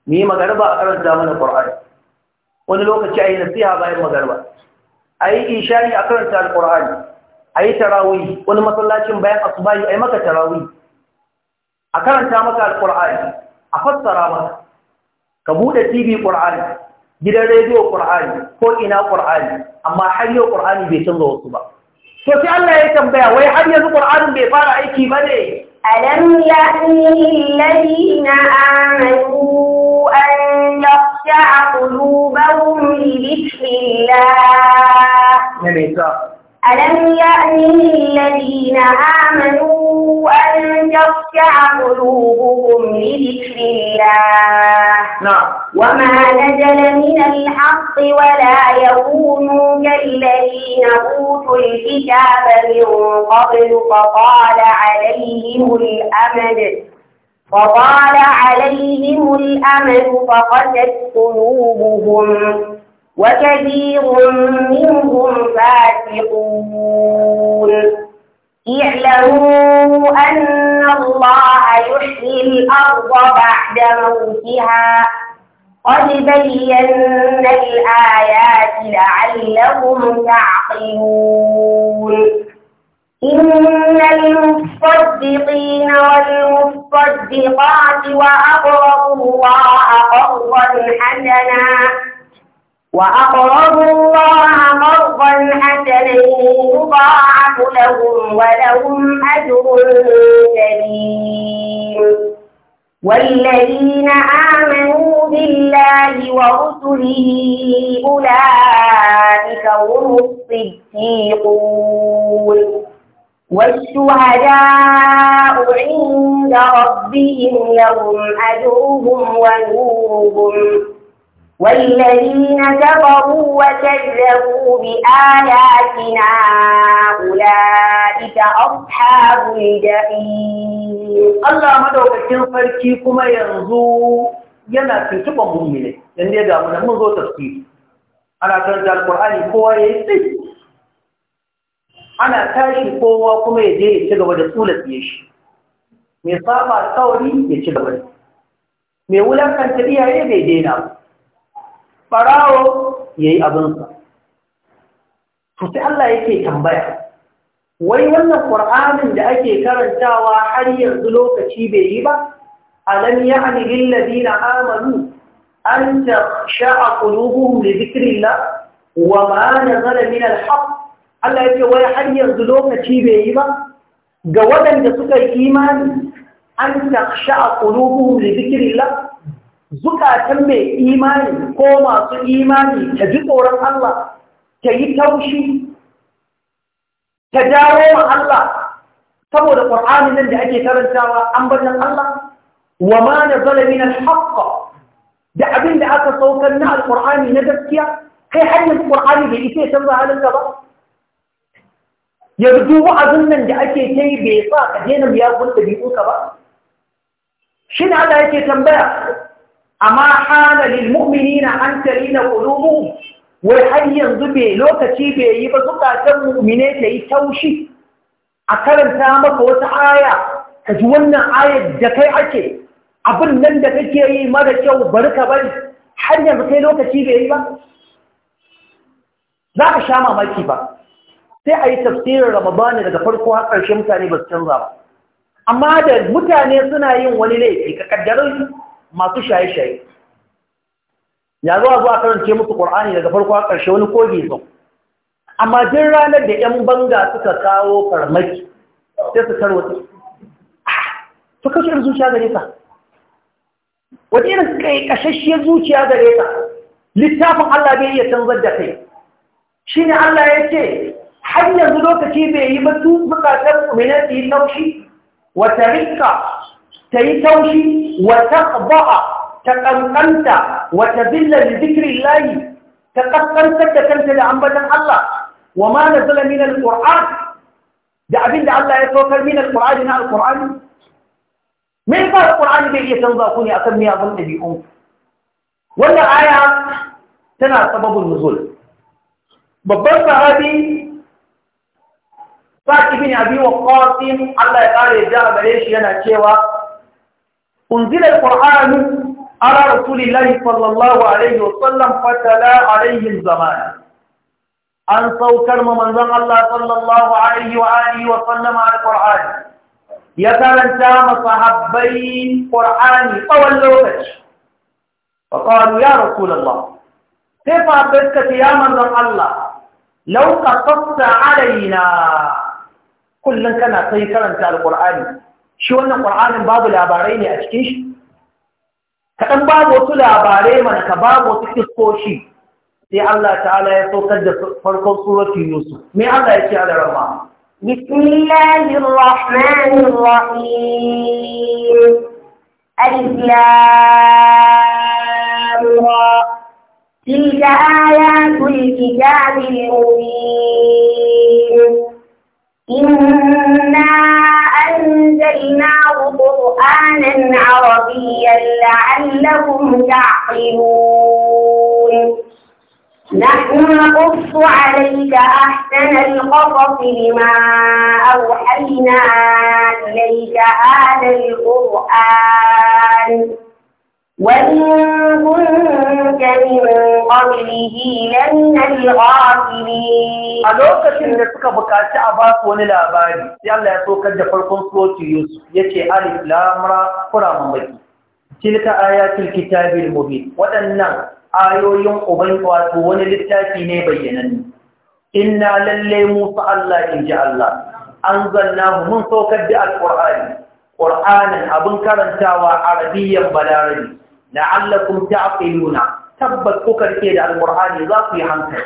mu yi magarba a karanta mana qur'ani wani lokaci ayi nasiha bayan magarba ayi ishari a karanta alqur'ani ayi tarawih wani masallacin bayan asubahi ayi maka tarawih a karanta maka alqur'ani a fassara maka ka bude tv qur'ani gidan rediyo qur'ani ko ina qur'ani amma har yau qur'ani bai canza wasu ba to sai Allah ya tambaya wai har yanzu qur'anin bai fara aiki bane ألم يأن الذين آمنوا أن يخشع قلوبهم لذكر الله ألم يأن الذين آمنوا أن تخشع قلوبهم لذكر الله نعم وما نزل من الحق ولا يكونوا كالذين أوتوا الكتاب من قبل فطال عليهم الأمد فطال عليهم الأمد فقست قلوبهم وكثير منهم فاسقون اعلموا أن الله يحيي الأرض بعد موتها قد بينا الآيات لعلهم تعقلون إن المصدقين والمصدقات وأقرضوا الله قرضا حسنا وأقرضوا الله قرضا حسنا يضاعف لهم ولهم أجر كريم والذين آمنوا بالله ورسله أولئك هم الصديقون والشهداء عند ربهم لهم أجرهم ونورهم والذين كفروا وكذبوا بآياتنا أولئك أصحاب الجحيم الله مدوكتين فرشي كما ينزو yana tuntuɓa mummune don dai ga munan mun zo tafsiri ana karanta alƙur'ani kowa ya yi tsaye ana tashi kowa kuma ya je ya ci gaba da tsula tsiye shi mai saba sauri ya ci gaba mai wulakanta iyaye bai daina Barawo ya yi abinsa to Allah yake tambaya wai wannan ƙur'anin da ake karantawa har yanzu lokaci bai yi ba alam ya'ni lil ladina amanu an tasha'a qulubuhum li dhikrillah wa ma nazala al haqq Allah ce wai har yanzu lokaci bai yi ba ga waɗanda suka yi imani an tasha'a qulubuhum li dhikrillah zukatan mai imani ko masu imani ta ji tsoron Allah ta yi taushi ta dawo wa Allah saboda Qur'ani nan da ake karantawa an bajan Allah wa ma nazala min al da abin da aka saukar na al-Qur'ani na gaskiya kai hanyar Qur'ani bai ita canza halinka ba yanzu wa'azin nan da ake yi bai sa ka daina miyagun ɗabi'unka ba shi Allah yake tambaya amma hana lil na an na qulubuhum wai har yanzu bai lokaci bai yi ba zukatan mu'mine ta yi taushi a karanta maka wata aya ka ji wannan ayar da kai ake abin nan da kake yi mara kyau bari ka bari har yanzu kai lokaci bai yi ba za ka sha mamaki ba sai a yi tafsirin ramadani daga farko har ƙarshe mutane ba su canza ba amma da mutane suna yin wani laifi ka kaddara masu shaye-shaye ya zo a zo a karance musu ƙwar'ani daga farko a ƙarshe wani kogi zo amma jin ranar da 'yan banga suka kawo farmaki sai su tarwata su kashe irin zuciya gare ta Wani irin ƙaƙashashiyar zuciya gare ta littafin Allah bai iya canzar da kai shi ne Allah ya ce har yanzu lokaci bai yi matu su bukatar kuminar su yi laushi wata rika ta yi taushi wata taqba'a ta wata wa da zikirin layi, ta ƙasƙantar da kanta da ambatan Allah wa ma nazala min alquran da abinda Allah ya saukar min alqur'ani na alqur'ani me yasa alqur'ani bai iya canza ku ne akan miyagun dabi'un wannan aya tana sababin nuzul babban sahabi Sa'id ibn Abi Waqqas Allah ya yadda a gare shi yana cewa أنزل القرآن على رسول الله صلى الله عليه وسلم فتلا عليه الزمان أن سوكر من زن الله صلى الله عليه وآله وسلم على القرآن يتلن تام صحابين قرآن طول لوكش فقالوا يا رسول الله كيف أبدك يا من زن الله لو قصصت علينا كلن كان سيكرا على القرآن shi wannan ƙwar'anin babu labarai ne a cikin shi kaɗan babu wasu labarai mana ka babu wasu kiskoshi sai Allah ta'ala ya saukar da farkon suratun Yusuf me Allah ya ce a da rama بسم الله الرحمن الرحيم ألف تلك آيات الكتاب المبين إنا جعلناه قرآنا عربيا لعلهم يعقلون نحن نقص عليك أحسن القصص بما أوحينا إليك هذا القرآن وإن a lokacin da suka bukaci a ba su wani labari sai Allah ya saukar da farkon suratu Yusuf yake alif lam ra qur'an baki tilka ayatul kitabil mubin waɗannan ayoyin uban wani littafi ne bayyananne inna lalle musa Allah inji Allah zanna mun saukar da alqur'ani ƙur'anin abin karantawa arabiyyan balarabi la'allakum nuna, tabbas kuka rike da alqur'ani za ku yi hankali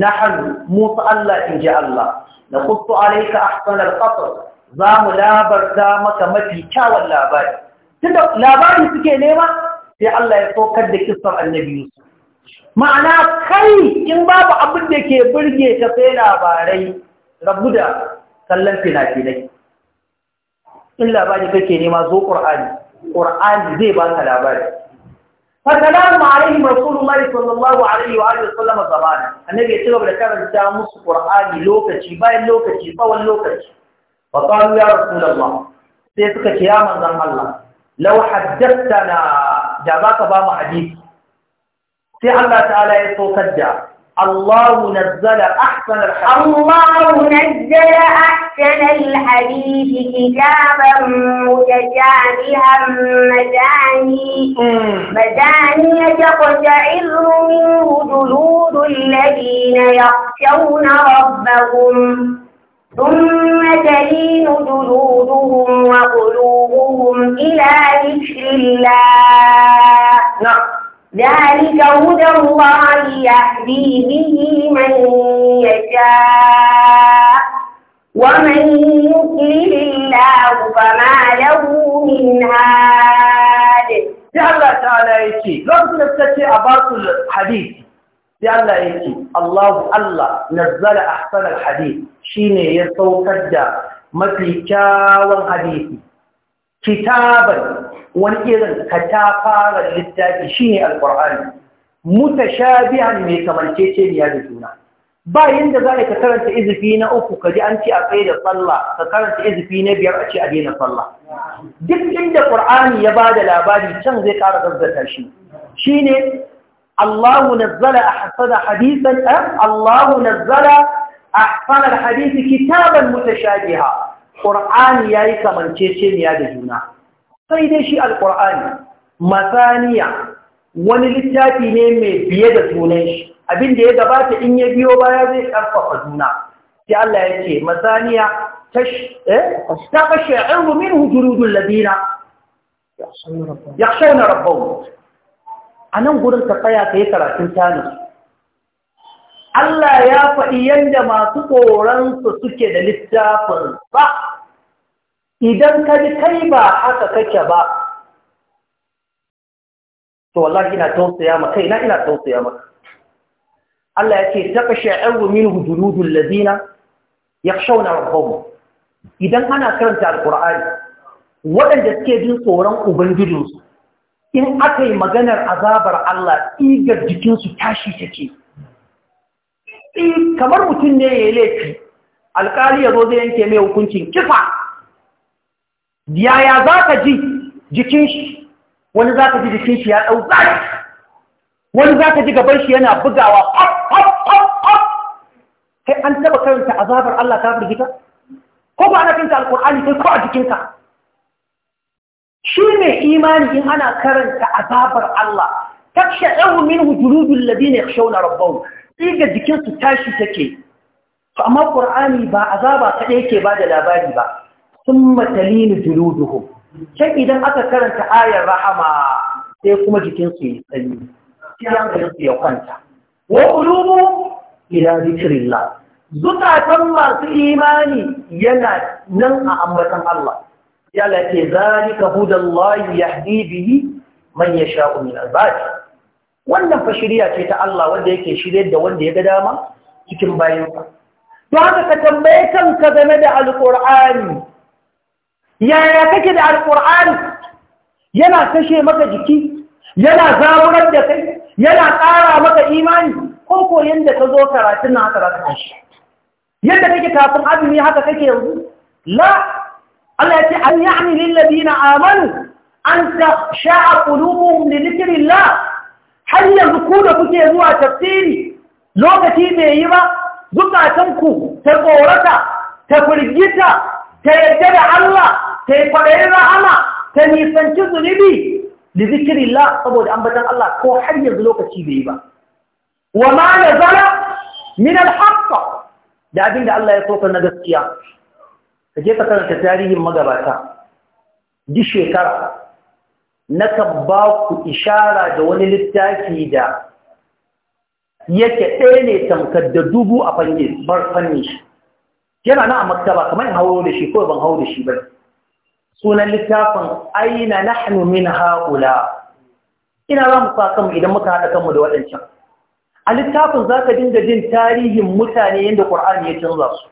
hannu musa Allah in ji Allah na alaika a ahsan ƙasar za mu labarta maka mafi kyawun labari tunda labari suke nema sai Allah ya saukar da kisar annabi ma'ana kai in babu abin da ke burge ta sai labarai rabu da kallon fina-finai in labari kake nema zo ƙur'ani ƙur'ani zai ba ka labari فسلام عليهم رسول الله صلى الله عليه واله وسلم زمانا النبي يتلو da karanta musu ƙur'ani lokaci bayan lokaci bawan lokaci wa qalu ya rasul Allah sai suka ce ya manzon Allah law haddathana da baka ba mu hadisi sai Allah ta'ala ya sokar da الله نزل أحسن الحديث الله نزل أحسن الحديث كتابا متشابها مداني مداني تقشعر منه جلود الذين يخشون ربهم ثم تلين جلودهم وقلوبهم إلى ذكر الله نعم ذلك هدى الله يهدي به من يشاء ومن يضلل الله فما له من هاد sai Allah ta'ala ya ce lokacin da suka ce a basul hadith sai Allah ya ce Allahu Allah nazzala ahsan al-hadith ne ya saukar da mafi kyawun hadisi kitabar. wani irin ka ta fara littafi shi ne alƙur'ani mutashabihan mai kamanceceniya da juna ba yanda za ka karanta izifi na uku ka ji an ci a tsaye da sallah ka karanta izifi na biyar a ce a daina sallah duk inda ƙur'ani ya ba da labari can zai ƙara zazzata shi shi ne allahu nazzala a hasada hadisan ɗan eh? allahu nazzala a hasanar hadisi kitaban mutashabiha ƙur'ani ya yi kamanceceniya da juna sai dai shi alƙur'ani masaniya wani littafi ne mai biye da sunan shi abinda ya gabata in ya biyo baya zai ƙarfafa juna sai Allah ya ce masaniya eh, ta fashe irru min hujurudun ladina ya shauna rabbau a nan gudun ka tsaya ka yi karatun tanis Allah ya faɗi yadda masu tsoronsa suke da littafin ba idan ka ji kai ba haka kake ba to wallahi ina tausaya maka ina ina tausaya maka Allah yake taqsha'u minhu juludul ladina yakhshawna rabbahum idan ana karanta alqur'ani waɗanda suke jin tsoron ubangijinsu in aka yi maganar azabar Allah igar jikinsu tashi take eh, kamar mutum ne ya yi laifi alƙali ya zo zai yanke mai hukuncin kifa yaya za ka ji jikin shi wani za ka ji jikin shi ya ɗau zai wani za ka ji gaban shi yana bugawa pop pop pop pop kai an taba karanta azabar Allah ta firgita ko ba ana karanta alkur'ani sai ko a jikinka shi ne imani in ana karanta azabar Allah taksha'u minhu juludul ladina yakhshawna rabbahum diga jikin su tashi take to amma qur'ani ba azaba ta ke ba da labari ba thumma matalini juluduhum sai idan aka karanta ayar rahama sai kuma jikin su yi sanyi Siyan hankalin ya kwanta wa qulubuhum ila zikrillah zukatan masu imani yana nan a ambatan Allah ya lati zalika hudallahi ya bihi man sha min ibadihi wannan fa shirya ce ta Allah wanda yake shiryar da wanda ya ga dama cikin bayansa. To haka ka tambaye kanka game da Alƙur'ani, yaya kake da alƙur'ani yana kashe maka jiki yana zaburar da kai yana ƙara maka imani ko ko yadda ka zo karatun nan haka za ka kashe yadda kake kafin azumi haka kake yanzu la Allah ya ce an ya'ni lil ladina amanu an tasha'a qulubuhum li dhikrillah har yanzu ku da kuke zuwa tafsiri lokaci bai yi ba zukatanku ta tsorata ta firgita ta yadda da Allah ta yi kwaɗayin rahama ta nisanci zunubi da zikirin la saboda ambatan Allah ko har yanzu lokaci bai yi ba wa ma na zara min alhaqqa da abin da Allah ya soka na gaskiya ka je ka karanta tarihin magabata duk shekara nakan ba ku ishara da wani littafi da yake ɗaya ne tamkar da dubu a fanni bar fanni shi yana nan a maktaba kamar in hauro da shi ko ban hau da shi ba sunan littafin aina nahnu min haula ina za mu sa kanmu idan muka haɗa kanmu da waɗancan a littafin za ka dinga jin tarihin mutane yadda ƙur'ani ya canza su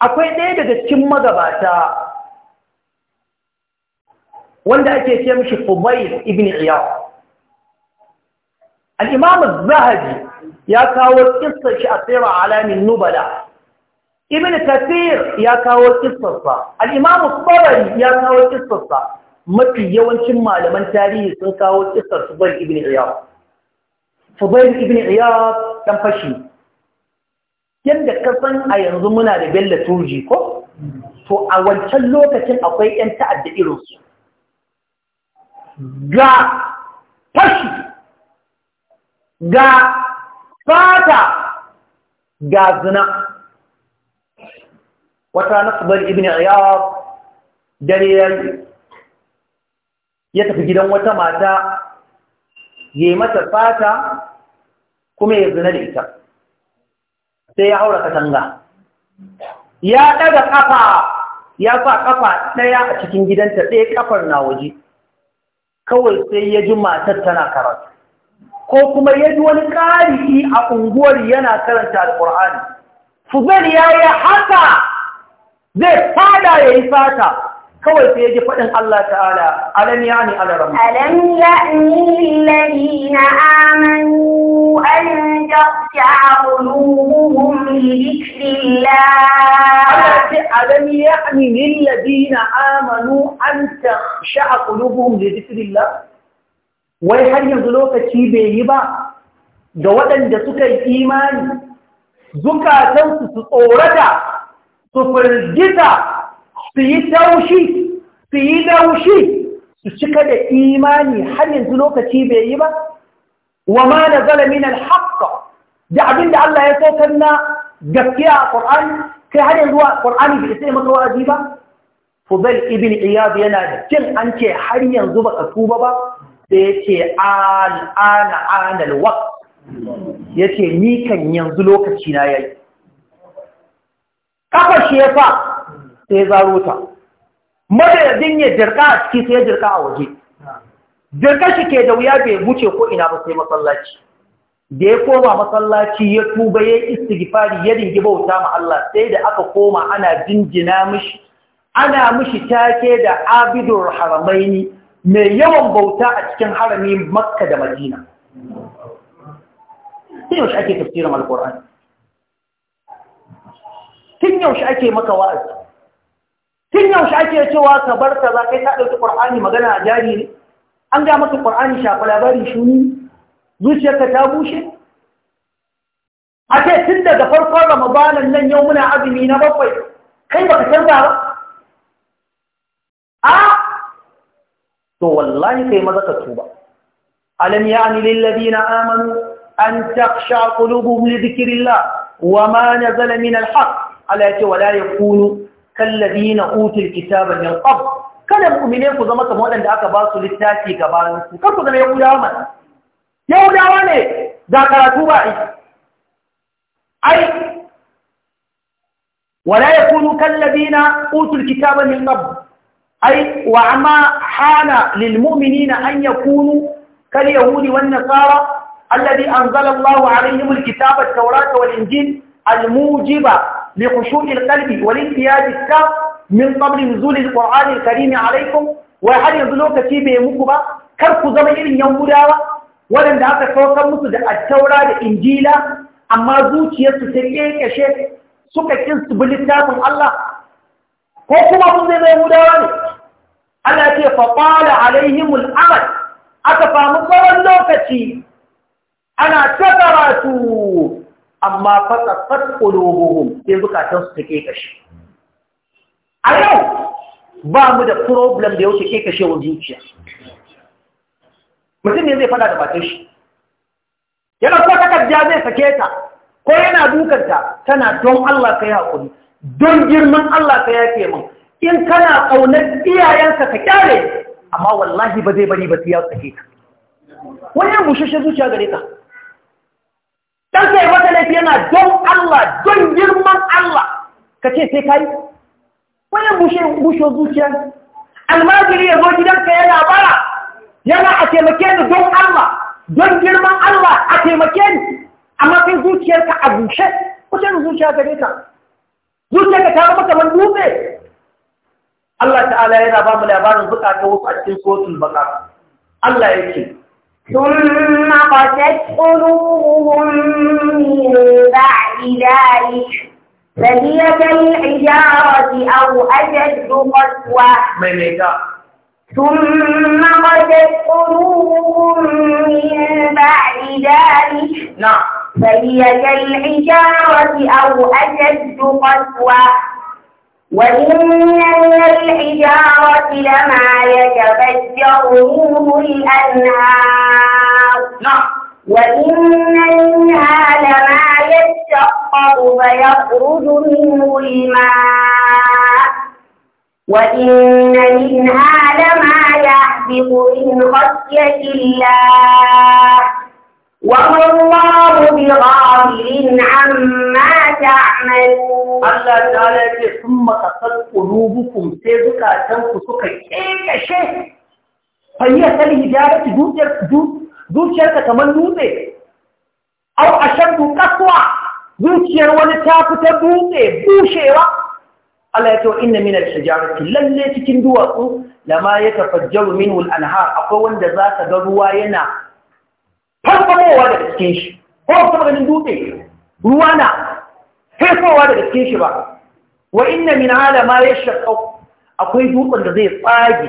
akwai ɗaya daga cikin magabata wanda ake ce mishi Fubayl ibn Iyad al-Imam az-Zahabi ya kawo kissar shi a Sirr Alamin Nubala ibn kathir ya kawo kissarsa al-imam ya kawo kissarsa mafi yawancin malaman tarihi sun kawo kissar subayr ibn iyad subayr ibn iyad ɗan fashi Yadda ka san a yanzu muna da Bello turji ko to a wancan lokacin akwai yan ta'adda irinsu ga fashi ga fata ga zina wata nasbar ibn iyab dare ya tafi gidan wata mata ya yi mata fata kuma ya zina da ita sai ya haura katanga ya daga kafa ya sa kafa ɗaya a cikin gidanta ɗaya kafar na waje kawai sai ya ji matar tana karatu ko kuma ya ji wani kari a unguwar yana karanta alƙur'ani fuzal ya yi haka zai fada ya yi sata kawai sai ji faɗin Allah ta'ala alam ya ni alaram alam ya ni lillazina amanu an taqta'a qulubuhum li dhikrillah Allah ce alam ya ni lillazina amanu an taqta'a qulubuhum li dhikrillah wai har yanzu lokaci bai yi ba ga waɗanda suka yi imani zukatansu su tsorata su firgita su yi taushi su yi laushi su cika da imani har yanzu lokaci bai yi ba wa ma na zalamin da abin da Allah ya saukar na gaskiya a Qur'ani kai har yanzu Qur'ani bai sai maka wa'azi ba Fudail ibn Iyad yana da jin an ce har yanzu baka tuba ba sai yace al'ana anal waqt yace ni kan yanzu lokaci na yayi kafar shi ya sa sai ya zaro ta madadin ya jirka a ciki sai ya jirka a waje jirka shi ke da wuya bai wuce ko ina ba sai masallaci da ya koma masallaci ya tuba ya istighfari ya dingi bauta ma Allah sai da aka koma ana jinjina mishi ana mishi take da abidur haramaini mai yawan bauta a cikin harami makka da madina sai yaushe ake tafsirin alkur'ani tun yaushe ake maka wa'azi tun yaushe ake cewa ka bar ka za kai ta ɗauki ƙur'ani magana a jari ne an ga maka ƙur'ani shafa labari shuni zuciyarka ta bushe a ce tun daga farkon ramadanan nan yau muna azumi na bakwai kai baka canza ba a to wallahi kai maza ka tuba alam ya'ni lil ladina amanu an takhsha qulubuhum li dhikrillah wa ma nazala min al haqq Allah ya ce wala ya yakunu kallazina utul kitaba min qabl kada ku mu'mine ku zama kamar waɗanda aka ba su littafi gabanin ku kar ku zama yahudawa mana yahudawa ne da karatu ba ai wala ya yakunu kallazina utul kitaba min qabl ai wa amma hana lil mu'minina an yakunu kal yahudi wan nasara alladhi anzala Allahu alaihim alkitaba at-taurata wa injil al-mujiba لخشوع القلب والانقياد التام من قبل نزول القرآن الكريم عليكم وهل يظلوك تيبه مكبا كركو زمن ينبداوا ولن دعك فوقا مسد التوراة الإنجيلة أما زوجي يستطيعك شيء suka kin su bi littafin Allah ko kuma mun zai zai mudawa ne Allah ce fa qala alaihimul amal aka famu tsawon lokaci ana ta karatu amma fasasat qulubuhum sai zukatan su take kashe. a yau ba mu da problem da yau take kashe wa zuciya mutum ne zai fada da matar shi yana ta kajiya zai sake ta ko yana dukanta tana don Allah ka ya haƙuri don girman Allah ka yafe min in kana ƙaunar iyayensa ka kyale amma wallahi ba zai bari ba sai ya sake ka wannan bushashen zuciya gare ka dan sai mata laifi yana don Allah don girman Allah ka ce sai kai wannan bushe bushe zuciya almajiri ya zo gidanka yana bara yana a taimake ni don Allah don girman Allah a taimake ni amma kai zuciyarka a bushe kusa da zuciya gare ka zuciyarka ta zama kamar dutse Allah ta'ala yana ba mu labarin zukata wasu a cikin suratul baqara Allah yake ثم قست قلوبهم من بعد ذلك فهي كالحجارة أو أشد قسوة ثم قست قلوبهم من بعد ذلك نعم فهي كالحجارة أو أشد قسوة وإن من الحجارة لما يتفجر منه الأنهار نعم. وإن منها لما يشقق فيخرج منه الماء وإن منها لما يحبط من خشية الله وما الله بغافل عما تعملون الله تعالى يقول ثم قصد قلوبكم سيزكى تنكو سكى كيف شيء فهي كالهجارة zuciyarka kamar dutse au ashaddu qaswa zuciyar wani ta fita dutse bushewa Allah ya ce inna min al-shajarati lalle cikin duwatsu lama yatafajjaru minhu al-anhar akwai wanda zaka ga ruwa yana farfamowa daga cikin shi ko kuma ganin dutse ruwa na farfamowa daga cikin shi ba wa inna min ala ma yashaqqu akwai dutsen da zai tsage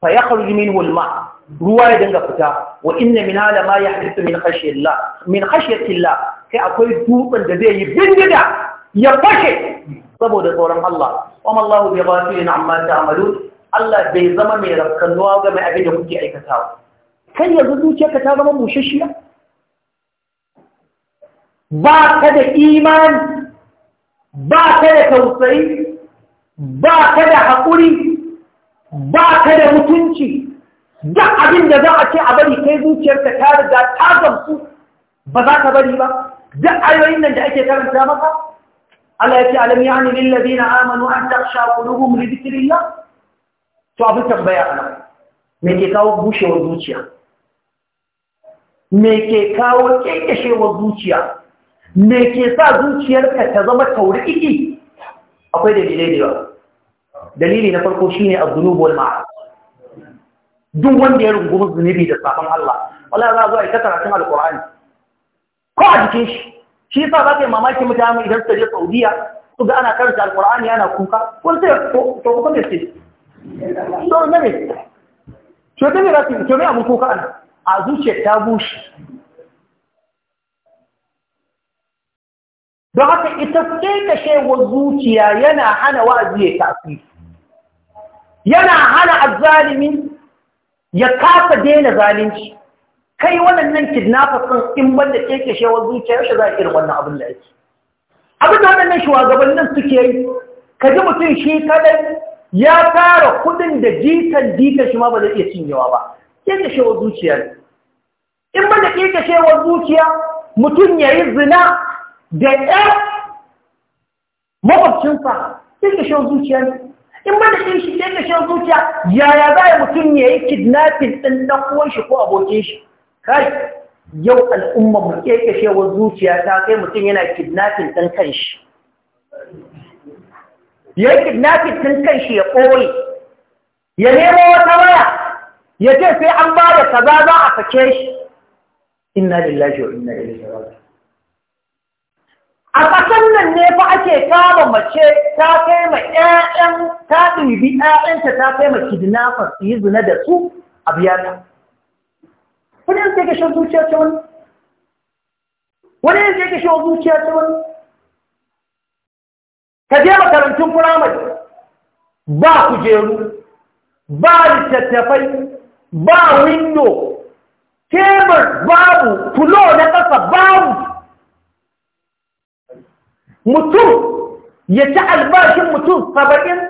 fa ya minhu min ma ruwa ya dinga fita wa inna min ala ma yahdithu min khashyatillah min khashyatillah kai akwai dutsen da zai yi bindiga ya fashe saboda tsoron Allah wa mallahu bi ghafilin amma ta'malun Allah bai zama mai rafkanuwa ga mai abin da kuke aikatawa kai yanzu zuciyarka ta zama bushashiya ba ka da imani ba ka da tausayi ba ka da haƙuri ba ka da mutunci duk abin da za a ce a bari kai zuciyarka ta riga ta gamsu ba za ka bari ba duk ayoyin nan da ake karanta maka Allah ya ce alam ya ni lillazina amanu an taksha qulubuhum li dhikrillah to abin tambaya ana me ke kawo bushewar zuciya me ke kawo kekeshewar zuciya me ke sa zuciyarka ta zama tauriki akwai dalilai da dalili na farko shine az-zunubu wal duk wanda ya rungumi zunubi da sabon Allah wala za zo a ita karatun alqur'ani ko a jikin shi shi yasa za ka yi mamaki mutane idan su je Saudiya su ga ana karanta alqur'ani ana kuka wani sai to kuka ne ce to ne ne to ne za su to ne kuka ana a zuciya ta bushe don haka ita kekashewar zuciya yana hana wa'azi ya tafi yana hana azzalimi ya kasa daina zalunci kai waɗannan kidnappers in banda kekashewar zuciya yaushe za a irin wannan abin da yake abin da waɗannan shugabannin suke yi ka ji mutum shi kadai ya tara kuɗin da jikan jikan shi ma ba zai iya cinyewa ba ƙirƙashewar zuciya in ba da ƙirƙashewar zuciya mutum ya yi zina da ƴar makwabcinsa ƙirƙashewar zuciya ne in ba da ƙirƙashewar zuciya yaya za a mutum ya yi kidnapping ɗin ɗan shi ko abokin shi kai yau al'ummar mu ƙirƙashewar zuciya ta kai mutum yana kidnapping ɗin kanshi ya yi kidnapping ɗin kanshi ya ɓoye ya nemo wata waya ya ce sai an ba da kaza za a sake shi inna lillahi wa inna ilaihi raji'un a kasan nan ne fa ake kama mace ta kai ma ƴaƴan ta ɗibi ƴaƴanta ta kai ma kidnapper su yi zina da su a biya ta wani yanzu ya gashin zuciya ta wani wani yanzu ya gashin zuciya ta wani ka je makarantun firamare ba kujeru ba littattafai ba window tebur babu fulo na ƙasa babu mutum ya ci albashin mutum saba'in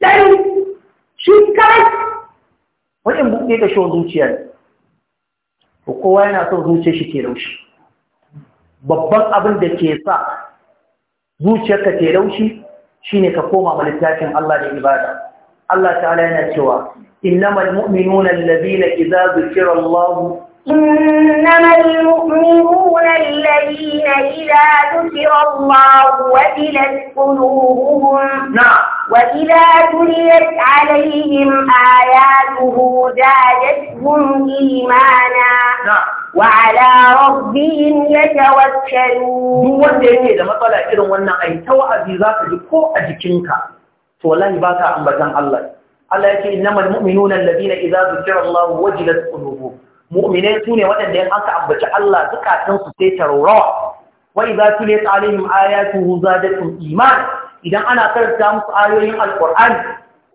ɗari shi kai wani buɗe ga shi zuciyar ne. kowa yana son zuciyar shi ke laushi babban abin da ke sa zuciyarka ke laushi shine ka koma ma littafin Allah da ibada Allah Ta yana cewa innamal mu'minuna alladhina idza dhukira Allah innamal mu'minuna alladhina idza dhukira Allah wa jilat qulubuhum na'am wa idza tuliyat 'alayhim ayatuhu zadatuhum imana wa ala rabbihim yatawakkalun duk wanda yake da matsala irin wannan ai tawa'azi zaka ji ko a jikinka to wallahi ba ka ambatan Allah Allah yake innamal mu'minuna alladhina idza zukira Allah wajilat qulubuhum mu'minai sune waɗanda in aka ambaci Allah zukatan su sai tarawrawa wa idza tuliyat alaihim ayatuhu zadatuhum iman idan ana karanta musu ayoyin alqur'ani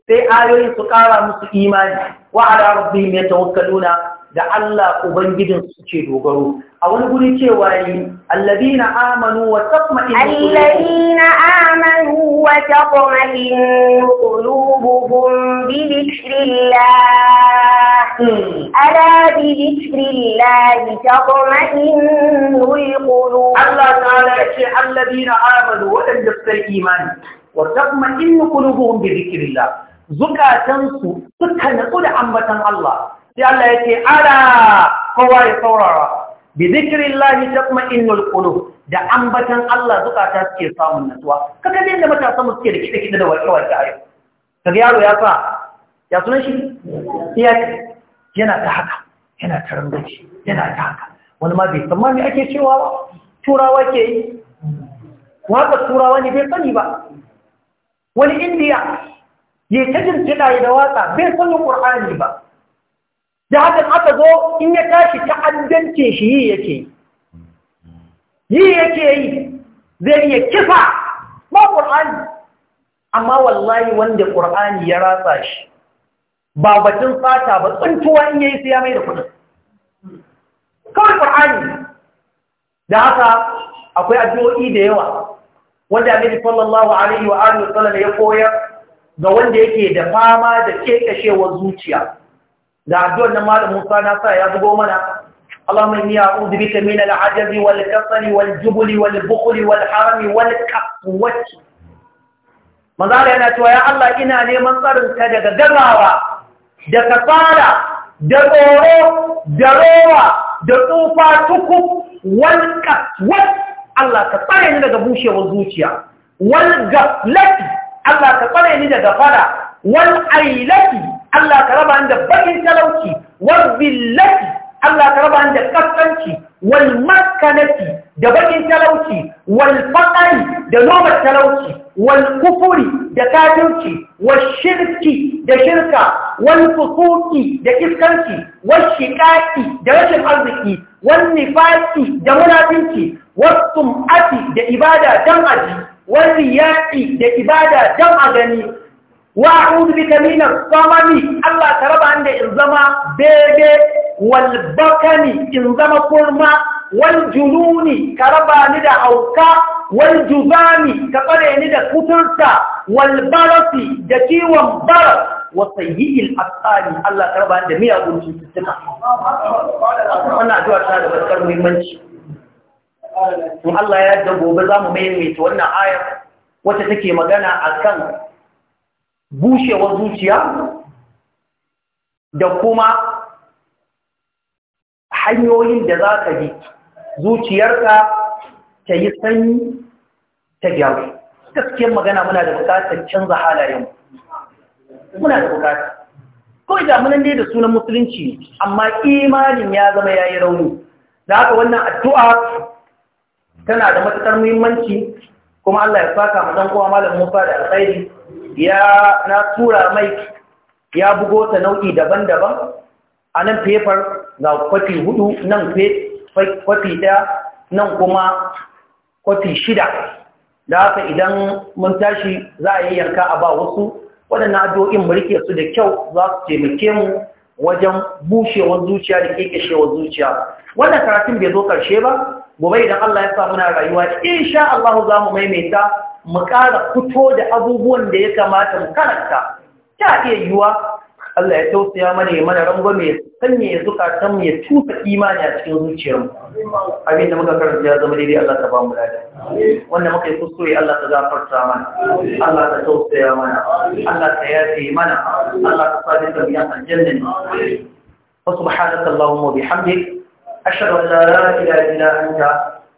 sai ayoyin su kara musu imani wa ala rabbihim yatawakkaluna da Allah ubangijin ce dogaro a wani guri cewa yi na amanu wa tatma'innu na amanu wa tatma'innu qulubuhum bi dhikrillah hmm. ala bi dhikrillah inu qulub Allah ta ya ce na amanu wadanda suka yi imani wa tatma'innu qulubuhum bi dhikrillah zukatansu suka natsu da ambatan Allah sai Allah yake ce ala kowa ya saurara bi zikrillahi tatma'innul qulub da ambatan Allah zukata suke samun nutsuwa. kaga din da matasa mu suke da kida kida da wata wata. ayo kaga yaro ya sa ya sunan shi iya yana ta haka yana ta rangaci yana ta haka wani ma bai san ma me ake cewa ba turawa ke yi waƙar turawa ne bai sani ba wani indiya ya ta jin kiɗa da waƙa bai sani ƙur'ani ba da hakan aka zo in ya tashi ta'addancin shi yi yake yi yake yi zai iya kifa ba ƙur'ani amma wallahi wanda ƙur'ani ya ratsa shi ba batun tsata ba tsuntuwa in yayi sai ya mai da kuɗin kawai ƙur'ani da haka akwai addu'o'i da yawa wanda Annabi sallallahu alaihi wa alihi ya koyar ga wanda yake da fama da kekashewar zuciya da addu'ar nan malam Musa na sa ya zubo mana Allahumma inni a'udhu bika min al-'ajaz wal kasal wal jubl wal bukhl wal haram wal qaswat manzala yana cewa ya Allah ina neman tsarin ka daga garawa da kasala da tsoro da rowa da tsufa tuku wal qaswat Allah ka tsare ni daga bushewar zuciya wal gaflati Allah ka tsare ni daga fada wal ailati Allah ka raba ni da bakin talauci wal billati Allah ka raba ni da kaskanci wal makanati, da bakin talauci wal faqari da noma talauci wal kufuri da kafirci wal shirki da shirka wal fusuki da iskanci wal shiqaqi da rashin arziki wal nifaqi da munafinci wal sum'ati da ibada dan aji wal riya'i da ibada dan a gani wa a'udhu bika min as-samami Allah ka raba inda in zama bebe wal bakani in zama kurma wal jununi ka raba ni da hauka wal ka tsare ni da kuturta wal barasi da kiwon baras wa sayyi'il asali Allah ka raba ni da miyagun cututtuka wannan addu'a ta da barkar muhimmanci in Allah ya yarda gobe za mu maimaita wannan ayar wacce take magana akan bushewar zuciya da kuma hanyoyin da za ka bi zuciyarka ta yi sanyi ta gyaru gaskiyar magana muna da bukatar canza halayen muna da bukatar kawai damunan dai da sunan musulunci amma imanin ya zama ya yi rauni da haka wannan addu'a tana da matuƙar muhimmanci kuma Allah ya saka mu dan uwa malam Musa da alkhairi ya na tura mai ya bugo ta nau'i daban-daban a nan fefar ga kwafi hudu nan kwafi daya nan kuma kwafi shida da haka idan mun tashi za a yi yanka a ba wasu waɗannan addu'o'in mu rike su da kyau za su taimake mu wajen bushewar zuciya da kekeshewar zuciya wannan karatun bai zo ƙarshe ba gobe idan Allah ya sa muna rayuwa insha Allah za mu maimaita mu ƙara fito da abubuwan da ya kamata mu karanta ta iya yiwuwa Allah ya tausaya mana ya mana rangwame ya sanya ya zukatan mu ya tuka imani a cikin zuciyarmu abin da muka karanta ya zama daidai Allah ta ba mu lada wanda muka yi kuskure Allah ka gafarta mana Allah ka tausaya mana Allah ka yafe mana Allah ka sadi da biyan aljanna wa subhanaka allahumma bihamdik ashhadu an la ilaha illa anta